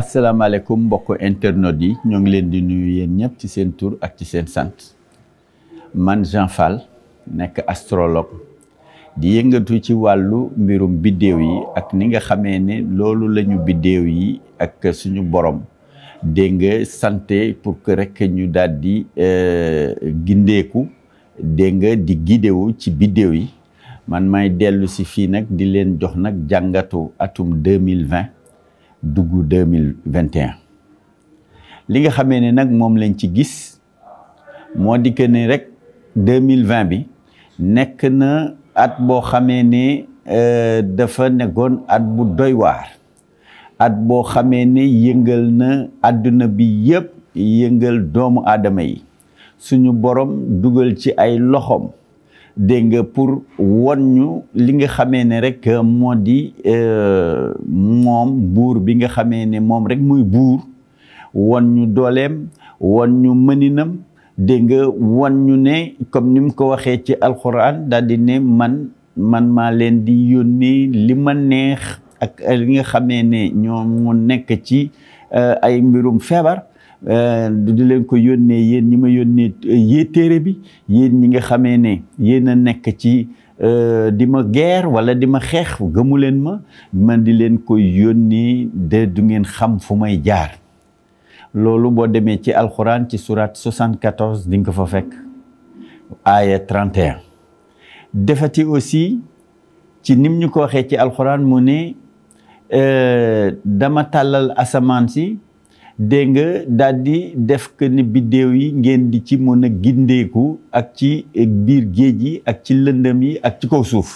asalaamaaleykum mbokk internet yi ñoo ngi leen di nuyu yéen ñëpp ci seen tour ak ci seen sant man Jean Fall nekk astrologue di yëngatu ci wàllu mbirum biddéew yi ak ni nga xamee ne loolu lañu biddéew yi ak suñu borom dégg nga santé pour que rek ñu daal di euh, gindeeku dénga di gidewu ci biddéew yi man may dellu si fii nag di leen jox nag jàngatu atum 2020 dugg deux mille li nga xamee ne nag moom lañ ci gis moo di que ne rek deux mille bi nekk na at boo xamee ne euh, dafa nekkoon at bu doy waar at boo xamee ne yëngal na àdduna bi yëpp yëngal doomu aadama yi suñu borom dugal ci ay loxoom. dégg nga pour won ñu li nga xamee ne rek moo di euh, moom buur bi nga xamee ni moom rek muy buur wan ñu dooleem wan ñu mëninam dégg nga won ñu ne comme ni mu ko waxee ci alxuraan daal di ne man man maa leen di yónnee li ma neex ak li nga xamee ne ñoom mu nekk ci euh, ay mbirum feebar Euh, di leen ko yónnee yéen ñi ma yónnee euh, yée téere bi yéen ñi nga xamee ne yéen a nekk ci euh, di ma geer wala di ma xeex gëmu leen ma man di leen ko yónnee de du ngeen xam fu may jaar loolu boo demee ci alxuraan ci surat 74 di nga ko fa fekk aaya 31 defati aussi ci nim ñu ko waxee ci alxuraan mu ne dama tàllal asamaan si dégg nga daal def que ni biddéew yi ngeen di ci mën a gindeeku ak ci biir géej yi ak ci lëndëm yi ak ci kaw suuf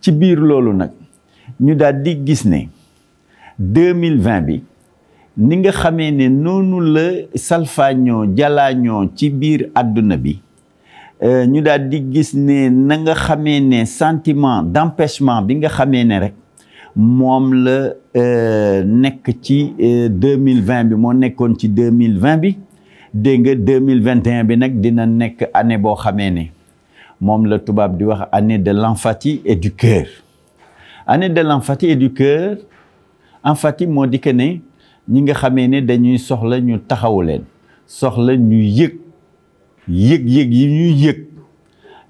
ci biir loolu nag ñu daldi di gis ne 2020 bi ni nga xamee ne noonu la salfaañoo jalaañoo ci biir àdduna bi euh, ñu daal gis ne na nga xamee ne sentiment d'empêchement bi nga xamee ne rek moom la euh, nekk ci euh, deux mille vingt bi moo nekkoon ci deux mille vingt bi dégg nga deux mille vingt et bi nag dina nekk année boo xamee ne moom la tubaab di wax année de l'empathie et du année de l'empathie et du cœur empathie moo di ne ñi nga xamee ne dañuy soxla ñu taxawu leen soxla ñu yëg yëg yëg yi ñuy yëg.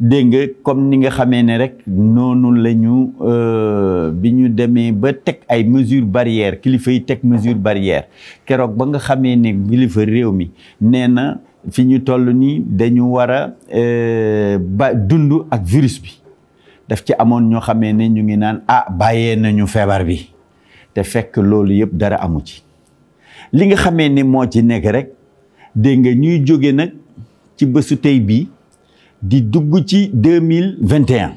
dégg nga comme ni nga xamee ne rek noonu la ñu euh, bi ñu demee ba teg ay mesures barrières kilifa yi teg mesure barrière keroog ba nga xamee ne kilifa réew mi nee na fi ñu toll nii dañu war a euh, ba dund ak virus bi daf ci amoon ñoo xamee ne ñu ngi naan ah bàyyee nañu feebar bi te fekk loolu yëpp dara amu ci li nga xamee ni moo ci nekk rek dégg nga ñuy jóge nag ci bësu tey bii di dugg ci deux mille vingt et un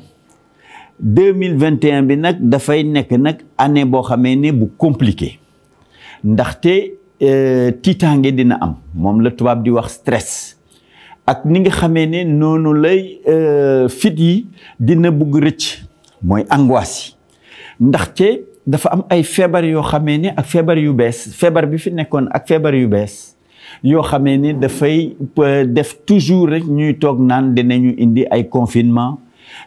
deux mille vingt et un bi nag dafay nekk nag année boo xamee ne bu compliqué ndaxte euh, tiitaange dina am moom la tubaab di wax stress ak ni nga xamee ne noonu lay euh, fit yi dina bugg rëcc mooy angoisse yi ndaxte dafa am ay feebar yoo xamee ne ak feebar yu bees feebar bi fi nekkoon ak feebar yu bees yoo xamee ni dafay euh, def toujours rek ñuy toog naan dinañu indi ay confinement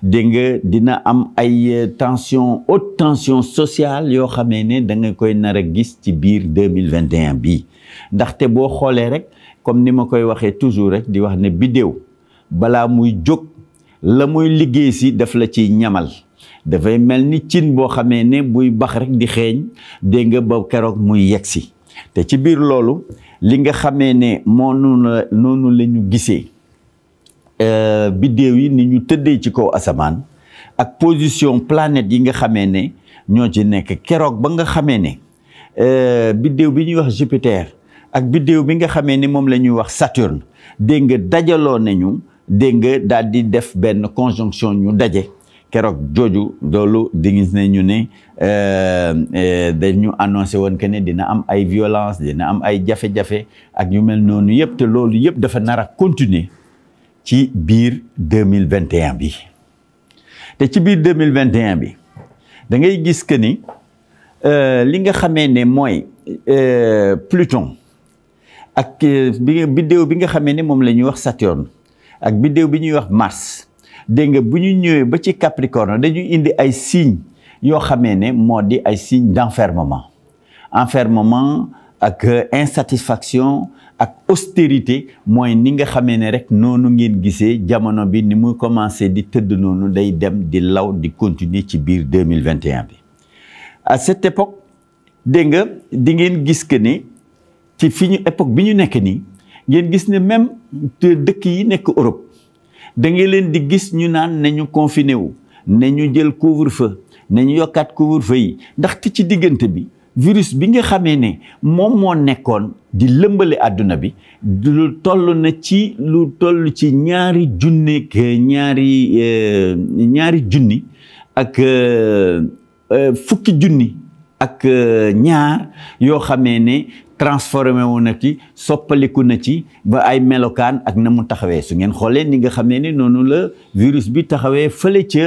dégg nga dina am ay euh, tension haute tension sociale yoo xamee ne da nga koy nar a gis ci biir deux mille vingt et bii ndaxte boo xoolee rek comme ni ma koy waxee toujours rek di wax ne bidéew balaa muy jóg la muy liggéey si daf la ci ñamal dafay mel ni cin boo xamee ne buy bax rek di xeeñ dégg nga ba keroog muy yegg si te ci biir loolu li nga xamee ne moo noonu la ñu gisee euh, biddéew yi ni ñu tëddee ci kaw asamaan ak position planète yi nga xamee ne ñoo ci nekk keroog ba nga xamee ne euh, biddéew bi ñuy wax Jupiter ak biddéew bi nga xamee ne moom la ñuy wax Saturne dégg nga dajaloo nañu dégg nga daal di def benn conjonction ñu daje keroog jooju doolu di gis ne ñu euh, euh, dañu annoncé woon que dina am ay violence dina am ay jafe-jafe ak ñu mel noonu yëpp te loolu yëpp dafa nar a continuer ci biir deux mille vingt et bi te ci biir deux mille vingt et bi da ngay gis que ni euh, li nga xamee ne mooy Pluton ak bi bidéew bi nga xamee ne moom la ñuy wax Saturne ak bidéew bi ñuy wax Mars dégg nga bu ñu ñëwee ba ci Capricorne dañuy indi ay signes yoo xamee ne moo di ay signes d'enfermement enfermement ak euh, insatisfaction ak austérité mooy ni nga xamee ne rek noonu ngeen gisee jamono bi ni mu commencé di tëdd noonu day dem di law di continuer ci biir 2021 bi à cette époque dégg nga di ngeen gis que ni ci fi ñu époque bi ñu nekk nii ngeen gis ne même dëkk yi nekk Europe da leen di gis ñu naan nañu confiné wu nañu jël couvre-feu nañu yokkaat couvre-feu ndax ndaxte ci diggante bi virus bi nga xamee ne moom moo nekkoon di lëmbale àdduna bi lu toll na ci lu toll ci ñaari junni ñaari euh, ñaari junni ak euh, fukki junni ak euh, ñaar yoo xamee ne transformé wu na ci soppaliku na ci ba ay melokaan ak na mu taxawee su ngeen xoolee ni nga xam ne ni noonu la virus bi taxawee fële ca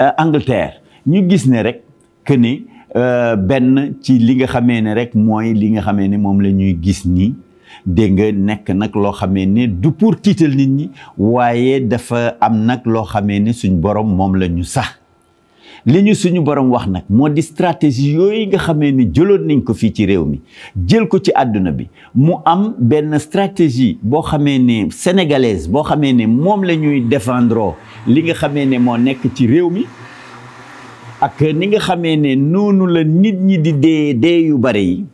euh, Angleterre ñu gis ne rek que ni euh, benn ci li nga xamee ne rek mooy li nga xame ni moom la ñuy gis nii dégg nga nekk nag loo xamee ne du pour tiital nit ñi waaye dafa am nag loo xame ne suñ borom moom la ñu sax li ñu suñu borom wax nag moo di stratégie yooyu nga xamee ni jëloon nañ ko fii ci réew mi jël ko ci àdduna bi mu am benn stratégie boo xamee ni sénégalaise boo xamee ne moom la ñuy défendre li nga xamee ne moo nekk ci réew mi ak ni nga xamee ne noonu la nit ñi di dee dee yu bare yi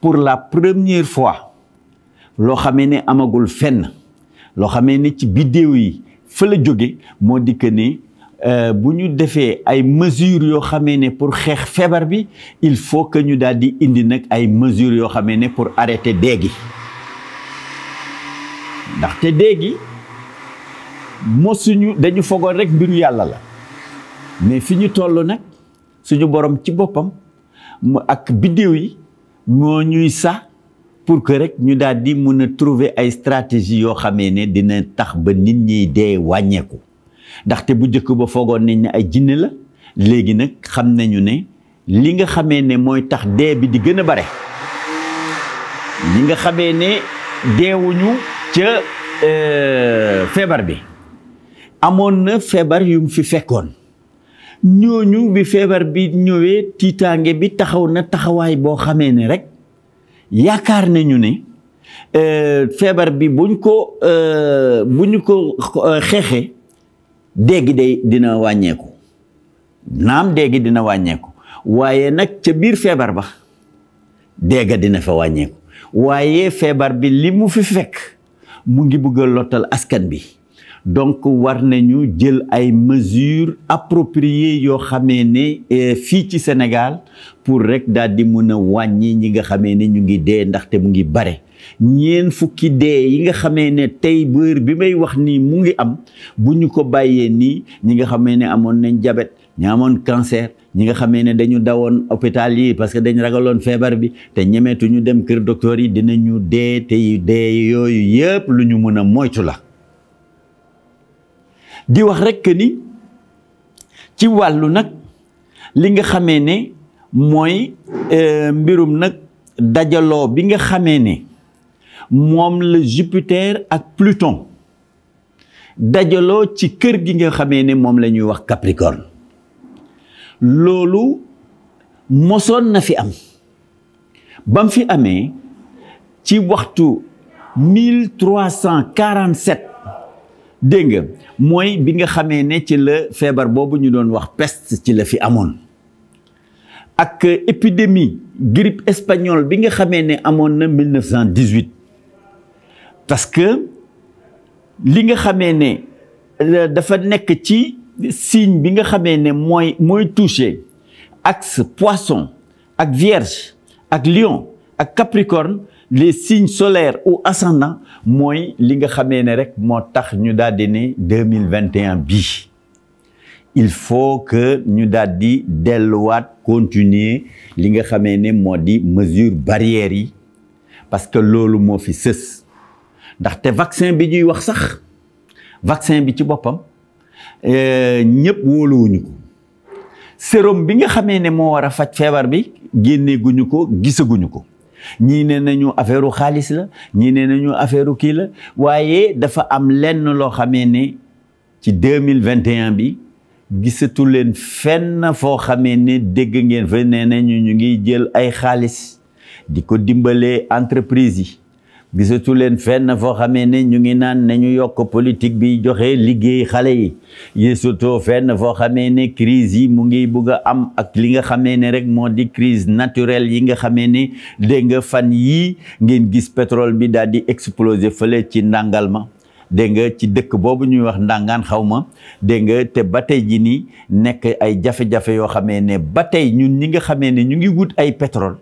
pour la première fois loo xamee ne amagul fenn loo xamee ni ci biddéew yi fa la jóge moo di que Euh, bu ñu defee ay mesures yoo xamee ne pour xeex feebar bi il faut que ñu daal di indi nag ay mesures yoo xamee ne pour arrêter dee gi ndaxte dee gi mosuñu dañu fogoon rek mbiru yàlla la mais fi ñu toll nag suñu borom ci boppam mu ak biddéew yi moo ñuy sa pour que rek ñu daal di mën a trouver ay stratégie yoo xamee ne dina tax ba nit ñi dee wàññeeku ndaxte bu njëkk ba foogoon nañ ni ay jinne la léegi nag xam nañu ne li nga xamee ne mooy tax dee bi di gën a bare li nga xamee ne deewuñu ca euh, feebar bi amoon na feebar yum fi fekkoon ñooñu bi feebar bi ñëwee tiitaange bi taxaw na taxawaay boo xamee ne rek yaakaar nañu ne euh, feebar bi buñ ko euh, buñ ko xeexee dégg day dina wàññeeku naam dégg dina wàññeeku waaye nag ca biir feebar ba dégg dina fa wàññeeku waaye feebar bi li mu fi fekk mu ngi bëgg a lottal askan bi donc war nañu jël ay mesures appropriées yoo xamee ne eh, fii ci Sénégal pour rek daal di mën a wàññi ñi nga xamee ni ñu ngi dee ndaxte mu ngi bare ñeen fukki dee yi nga xamee ne tey bër bi may wax nii mu ngi am bu ñu ko bàyyee nii ñi nga xamee ne amoon nañ jabet ñu amoon cancer ñi nga xamee ne dañu dawoon hôpital yi parce que dañ ragaloon feebar bi te ñemeetuñu dem kër docteur yi dina ñu dee tey dee yooyu yëpp lu ñu mën a moytu la di wax rekk ni ci wàllu nag li nga xamee ne mooy euh, mbirum nag dajaloo bi nga xamee ne moom la Jupiter ak Pluton dajaloo ci kër gi nga xamee ne moom lañuy wax Capricorne loolu mosoon na fi am bam fi amee ci waxtu 1347 dégg nga mooy bi nga xamee ni ci la feebar boobu ñu doon wax peste ci la fi amoon ak épidémie grippe espagnole bi nga xamee ne amoon na 1918 parce que li nga xamee ne euh, dafa nekk ci signe bi nga xamee ne mooy mooy touché axe poisson ak vierge ak lion ak capricorne les signes solaires ou ascendants mooy li nga xamee ne rek moo tax ñu dal di ne deux mille vingt et un bii il faut que ñu daal di delluwaat continuer li nga xamee ne moo di mesure barrières yi parce que loolu moo fi sës ndaxte vaccin bi ñuy wax sax vaccin bi ci boppam eh, ñëpp wóoluwuñu ko sérum bi nga xamee ne moo war a faj feebar bi génneeguñu ko gisaguñu ko ñii ne nañu affaire xaalis la ñii ne nañu affaire kii la waaye dafa am lenn loo xamee ne ci deux mille vingt et bi gisatu leen fenn foo xamee ne dégg ngeen fa nee nañu ñu ngi jël ay xaalis di ko dimbalee entreprise yi gisatu leen fenn foo xamee ne ñu ngi naan ñu yokk politique bi joxe liggéey xale yi gisatoo fenn foo xamee ne crise yi mu ngi bugg a am ak li nga xamee ne rek moo di crise naturelle yi nga xamee ne dégg nga fan yii ngeen gis pétrole bi daal di exploser fële ci ndàngal ma dégg nga ci dëkk boobu ñuy wax ndàngaan xaw ma dégg nga te ba tey ji nii nekk ay jafe-jafe yoo xamee ne ba tey ñu ñi nga xamee ne ñu ngi wut ay pétrole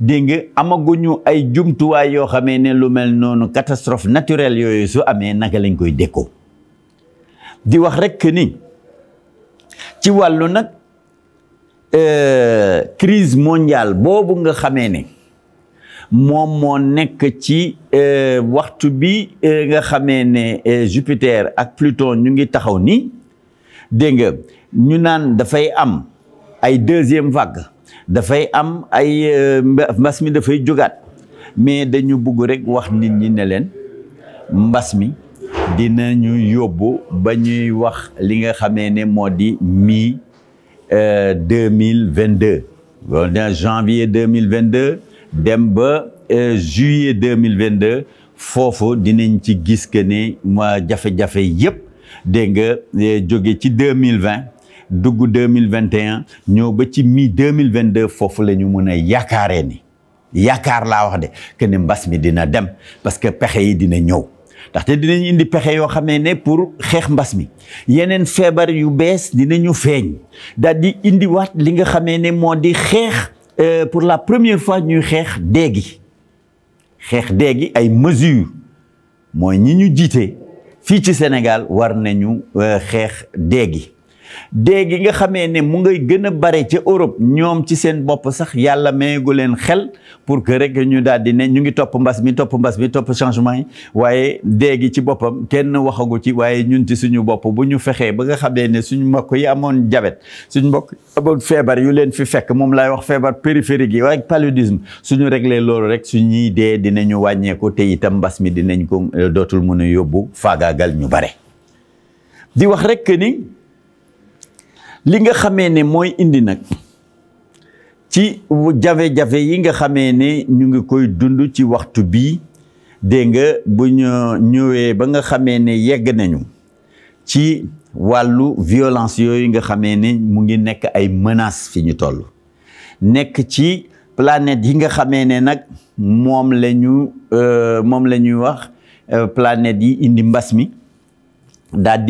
dégg nga amaguñu ay jumtuwaay yoo xamee ne lu mel noonu catastrophe naturelle yooyu su amee naka lañ koy dékkoo di wax rekk ni ci wàllu nag euh, crise mondiale boobu nga xamee ne moom moo nekk ci euh, waxtu bi euh, nga xamee ne Jupiter ak Pluton ñu ngi taxaw nii dégg nga ñu naan dafay am ay deuxième vague dafay am ay euh, mbas mi dafay jógaat mais dañu bugg rek wax nit ñi ne leen mbas mi dina ñu yóbbu ba ñuy wax li nga xamee ne moo di mi euh, deux mille vingt deux janvier deux mille vingt deux dem ba euh, juillet deux mille vingt deux foofu dinañ ci gis que ne ma jafe yëpp dégg nga jóge ci deux mille vingt dugg deux mille vingt et un ñëw ba ci mi deux mille vingt deux foofu la ñu mën a yaakaaree ni yaakaar laa wax de que ne mbas mi dina dem parce que pexe yi dina ñëw ndaxte dinañ indi pexe yoo xamee ne pour xeex mbas mi yeneen feebar yu bees dinañu feeñ daal di indiwaat li nga xamee ne moo di xeex euh, pour la première fois ñuy xeex déegi xeex déegi ay mesures mooy ñi ñu jiite fii ci Sénégal war nañu euh, xeex déegi dee gi nga xamee ne mu ngay gën a bare ca Europe ñoom ci seen bopp sax yàlla mayagu leen xel pour que rek ñu daal di ne ñu ngi topp mbas mi topp mbas mi topp changement yi waaye déegi ci boppam kenn waxagu ci waaye ñun ci suñu bopp bu ñu fexee ba nga xamee ne suñu mbokk yi amoon jabet suñu mbokk amoon feebar yu leen fi fekk moom laay wax feebar périphérique yi waaye paludisme suñu réglé loolu rek suñuy dee dinañu wàññeeku te itam mbas mi dinañ ko dootul mën a yóbbu faagaagal ñu bare wax rek ni li nga xamee ne mooy indi nag ci jafe-jafe yi nga xamee ne ñu ngi koy dund ci waxtu bii dégg nga bu ñu ñëwee ba nga xamee ne yegg nañu ci wàllu violence yooyu nga xamee ne mu ngi nekk ay menaces fi ñu toll nekk ci planet yi nga xamee ne nag moom lañu ñu euh, moom lañuy wax euh, planet yi indi mbas mi daal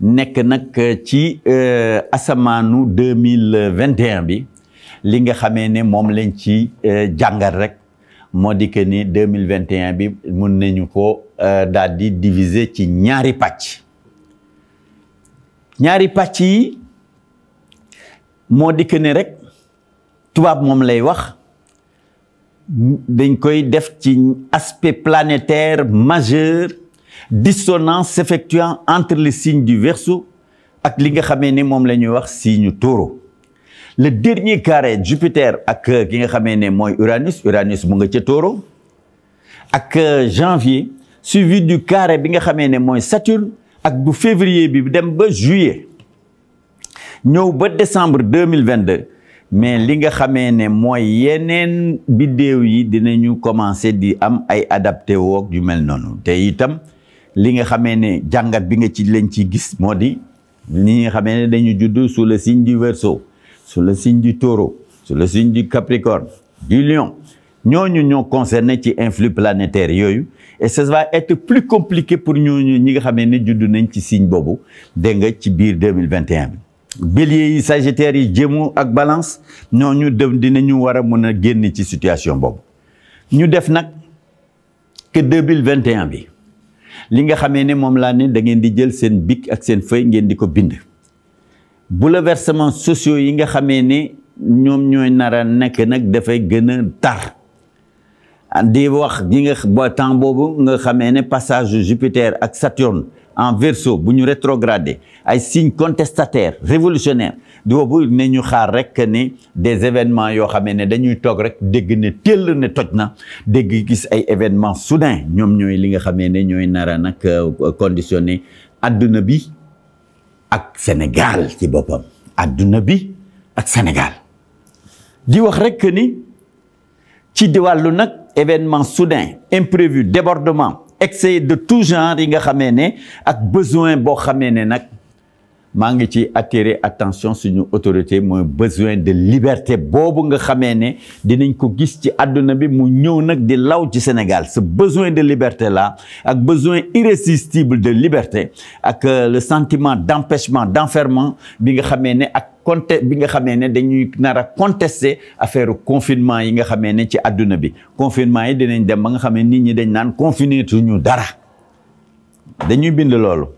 nekk nag euh, ci euh, asamaanu deux mille vingt et bi li nga xamee ne moom lañ ci euh, jàngat rek moo di que ni deux mille vingt et bi mun nañu ko daal di diviser ci ñaari pàcc ñaari pàcc yi moo di que ni rek tubaab moom lay wax dañ koy def ci aspect planétaire majeur. dissonance s'effectuant entre le signe du verseau ak li nga xamee ni moom lañuy wax siñu taureau le dernier carré Jupiter ak euh, ki nga xamee ne mooy Uranus Uranus mu nga ca taureau ak euh, janvier suivi du carré bi nga xamee ne mooy Saturne ak bu février bi dem ba juillet ñëw ba décembre deux mille vingt deux mais li nga xamee ne mooy yeneen biddéew yi dinañu commencer di am ay adapte wook yu mel noonu te itam li nga xamee ne jàngat bi nga ci leen ci gis moo di ñi nga xamee ne dañu judd sous le signe du Verseau su le signe du Taureau su le sign du Capricorne du ñoo ñu ñoo concerné ci influx planétaire yooyu et ça va être plus compliqué pour ñooñu ñi nga xamee ne juddu nañ ci signe boobu dégg nga ci biir 2021 bi bélier yi yi Gémeaux ak balance ñoo ñooñu dem dinañu war a mën a génn ci situation boobu ñu def nag que 2021 bi li nga xamee ne moom laa ne da ngeen di jël seen bic ak seen feuille ngeen di ko bind bouleversement sociaux yi nga xamee ni ñoom ñooy nar a nekk nag dafay gën a tar di wax di nga temps boobu nga xamee ne passage Jupiter ak Saturne en verseau bu ñu rétrogradé ay signes contestataires révolutionnaires di boobu ne ñu xaar rek ne des événements yoo xamee ne dañuy toog rek dégg ne teel ne toj na dégg gis ay événements soudains ñoom ñooy li nga xamee ne ñooy nara nag euh, conditionné adduna bi ak Sénégal ci boppam adduna bi ak Sénégal di wax rek ni ci di wàllu nag événement soudain imprévu débordement excès de tout genre yi nga xamee ne ak besoin boo xamee ne nag maa ngi ci attirer attention suñu autorité mooy besoin de liberté boobu nga xamee ne dinañ ko gis ci àdduna bi mu ñëw nag di law ci Sénégal ce besoin de liberté la ak besoin irrésistible de liberté ak euh, le sentiment d'empêchement d'enfermement bi nga xamee ne ak conte bi nga xamee ne dañuy nar a contester affaire confinement yi nga xamee ne ci adduna bi confinement yi dinañ dem ba nga xamee nit ñi dañ naan confiner tuñu dara dañuy bind loolu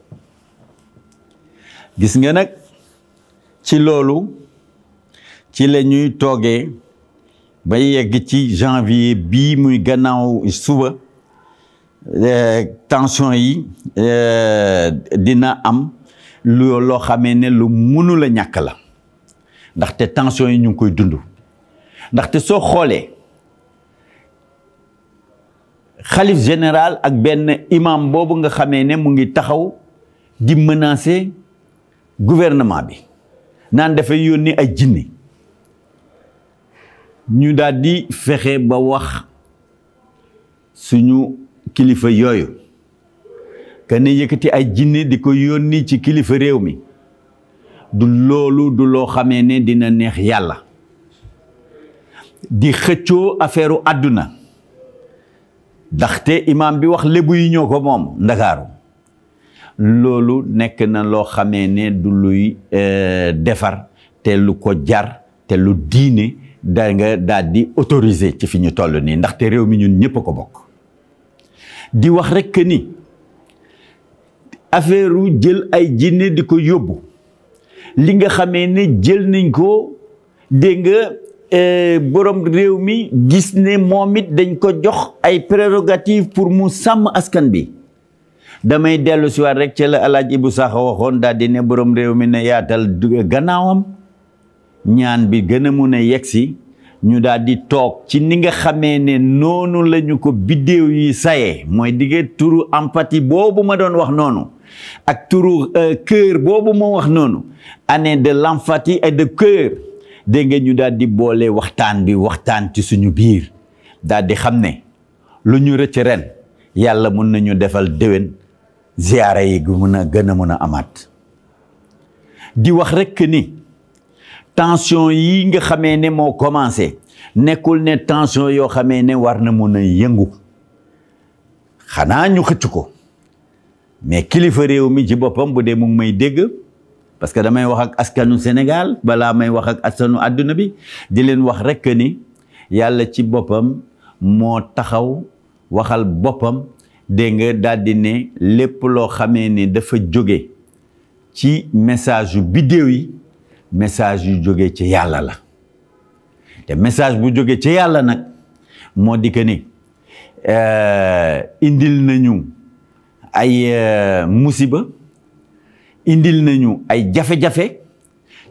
gis nga nag ci loolu ci la ñuy toogee ba yegg ci janvier bii muy gannaaw suba euh, tension yi euh, dina am loo xamee ne lu mënul a ñàkk la ndaxte tension yi ñu ngi koy dund ndaxte soo xoolee xalif général ak benn imam boobu nga xamee ne mu ngi taxaw di menacer gouvernement bi naan dafa yónni ay jinne ñu daldi fexe ba wax suñu kilifa yooyu kenn yëkkati ay jinne di ko yónni ci kilifa réew mi du loolu du loo xamee ne dina neex yàlla di xëccoo affaire àdduna ndaxte imaam bi wax lébu yi ñoo ko moom ndakaaru loolu nekk na loo xamee ne du luy euh, defar te lu ko jar te lu diine da nga daal autoriser ci fi ñu toll nii ndaxte réew mi ñun ñëpp ko bokk di wax rekk ni affaire jël ay jinne di ko yóbbu li nga xamee ne jël nañ ko dégg nga euh, borom réew mi gis ne moom it dañ ko jox ay prérogative pour mu sàmm askan bi damay dellu si rek ci la alaaj Ibu Sakho waxoon di ne boroom réew mi ne yaatal gannaawam ñaan bi gën a mun a yegsi ñu daldi toog ci ni nga xamee ne noonu lañu ko biddéew yi saye mooy digge turu empathie boobu ma doon wax noonu ak turu kër euh, boobu ma wax noonu année de l'empathie et de cœur dégg ñu daal boole waxtaan bi waxtaan ci suñu biir daldi xam ne lu ñu rëcc ren yàlla mun nañu defal déwén ziyaara yi gu mën a gën a mën a amaat di wax rekk ni tension yi nga xamee ne moo commencé nekkul ne tension yoo xamee ne war na mën a yëngu xanaa ñu xëcc ko mais kilifa réew mi ci boppam bu dee mu ngi may dégg parce que damay wax ak askanu Sénégal balaa may wax ak askanu àdduna bi di leen wax rekk ni yàlla ci boppam moo taxaw waxal boppam dégg nga daldi ne lépp loo xamee ne dafa jóge ci message yu biddéew yi message yu jóge ci yàlla la te message bu jóge ci yàlla nag moo di que ni euh, indil nañu ay euh, musiba indil nañu ay jafe-jafe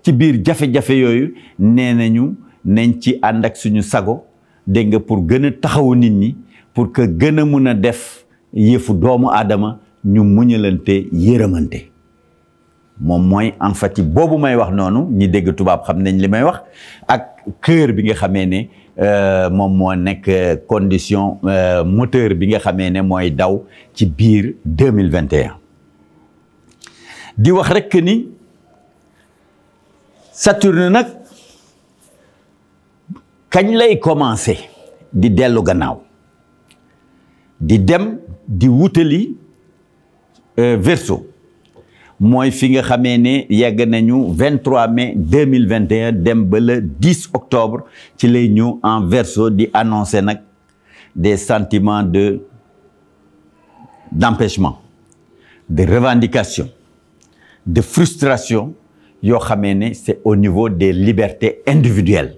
ci biir jafe-jafe yooyu nee nañu nañ ci ànd ak suñu sago dégg nga pour gën a taxawu nit ñi pour que gën a mun a def yëfu doomu aadama ñu muñalante yërëmante moom mooy en empathie boobu may wax noonu ñi dégg tubaab xam nañ li may wax ak cœur bi nga xamee ne euh, moom moo nekk condition euh, moteur bi nga xamee ne mooy daw ci biir 2021 di wax rekk ni Saturne nag kañ lay commencer di dellu gannaaw di dem di wutali euh, verso mooy fi nga xamee ne yegg nañu 23 mai 2021 dem ba le 10 octobre ci lay ñëw en verso di annoncer nag des sentiments de d'empêchement de revendication de frustration yoo xamee ne c'est au niveau des libertés individuelle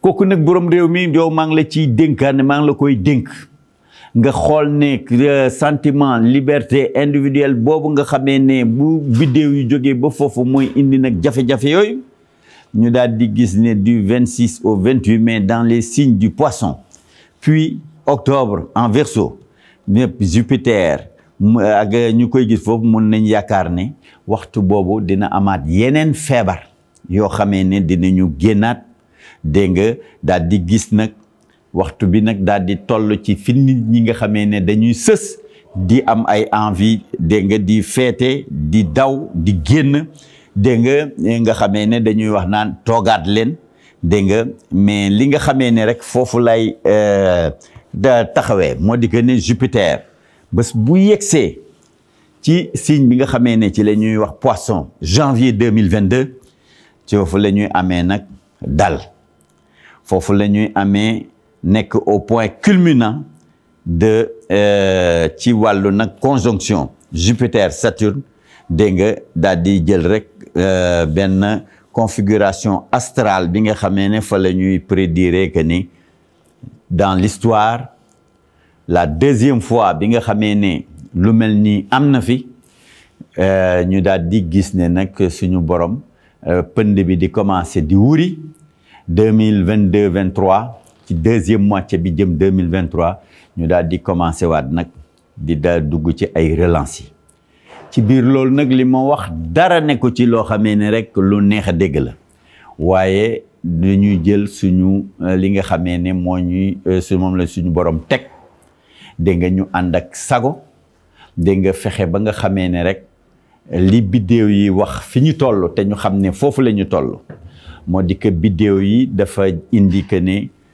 kooku nag boroom réew mi yow maa ngi la ciy dénkaane maa ngi la koy dénk nga xool ne euh, sentiment liberté individuelle boobu nga xamee ne bu vidéo yu jógee ba foofu mooy indi nag jafe-jafe yooyu ñu daal di gis ne du 26 au 28 mai dans les signes du poisson puis octobre en verseau ñëpp Jupiter ak ñu koy gis foofu mun nañ yaakaar ne waxtu boobu dina amaat yeneen feebar yoo xamee ne dinañu génnaat dégg nga daal di gis nag waxtu bi nag daal di toll ci fi nit ñi nga xamee ne dañuy sës di am ay envi dégg nga di feete di daw di génn dégg nga nga xamee ne dañuy wax naan toogaat leen dégg nga mais li nga xamee ne rek foofu lay euh, da taxawee moo di que ne Jupiter bés bu yegsee ci signe bi nga xamee ne ci la ñuy wax poisson janvier deux mille vingt deux ci foofu la ñuy amee nag dal foofu la amee nekk au point culminant de euh, ci wàllu nag conjonction Jupiter Saturne dégg nga daal di jël rek euh, benn configuration astrale bi nga xamee ne fa la ñuy prédire que ni dans l'histoire la deuxième fois bi nga xamee ne lu mel ni am na fi euh, ñu daal di gis ne nag suñu borom pënd bi di commencer di wuri mille vingt deux vingt ci deuxième moitié bi jëm deux mille vingt ñu daal di commencé waat nag di daal dugg ci ay relance yi ci biir loolu nag li ma wax dara ne ko ci loo xamee ne rek lu neex a dégg la waaye ñuy jël suñu euh, li nga xamee ne moo ñuy euh, su moom la suñu borom teg dégg nga ñu ànd ak sago dégg nga fexe ba nga xamee ne rek li biddéew yi wax fi ñu toll te ñu xam ne foofu la ñu toll moo di que biddéew yi dafa indi que ne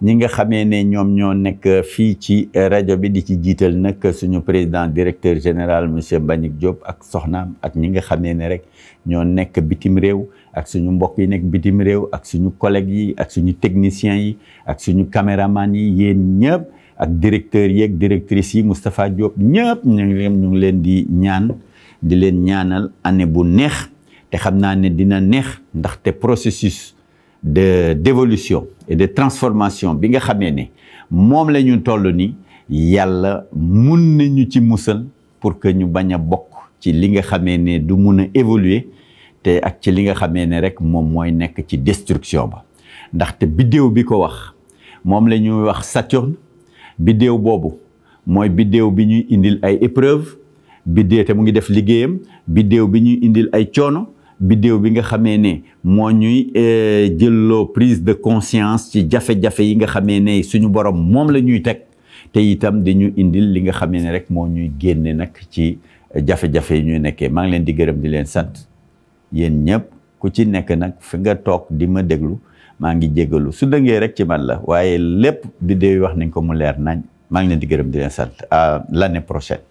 ñi nga xamee ne ñoom ñoo nekk fii ci rajo bi di ci jiital nag suñu président directeur général monsieur Mbagnick Diop ak soxnaam ak ñi nga xamee ne rek ñoo nekk bitim réew ak suñu mbokk yi nekk bitim réew ak suñu collègues yi ak suñu techniciens yi ak suñu caméraman yi yéen ñëpp ak directeurs yeeg directrices yi Moustapha Diop ñëpp ñu ñu ngi leen di ñaan di leen ñaanal année bu neex te xam naa ne dina neex ndaxte processus de d'évolution et de transformation bi nga xamee ne moom la ñu toll ni yàlla mun nañu ci musal pour que ñu bañ a bokk ci li nga xamee ne du mun a évoluer te ak ci li nga xamee ne rek moom mooy nekk ci destruction ba ndaxte biddéew bi ko wax moom la ñuy wax Saturne biddéew boobu mooy biddéew bi ñuy indil ay épreuve biddéew te mu ngi def liggéeyam biddéew bi ñuy indil ay coono biddéew bi nga xamee ne moo ñuy euh, jëlloo prise de conscience ci jafe-jafe yi nga xamee ne suñu borom moom la ñuy teg te itam dañu indil li nga xamee ne rek moo ñuy génne nag ci jafe-jafe yi ñuy nekkee maa ngi leen di gërëm di leen sant yéen ñëpp ku ci nekk nag fi nga toog di ma déglu maa ngi jégalu su dëngee rek ci man la waaye lépp biddéew yi wax nañ ko mu leer nañ maa ngi leen di gërëm di leen sant à l'année prochaine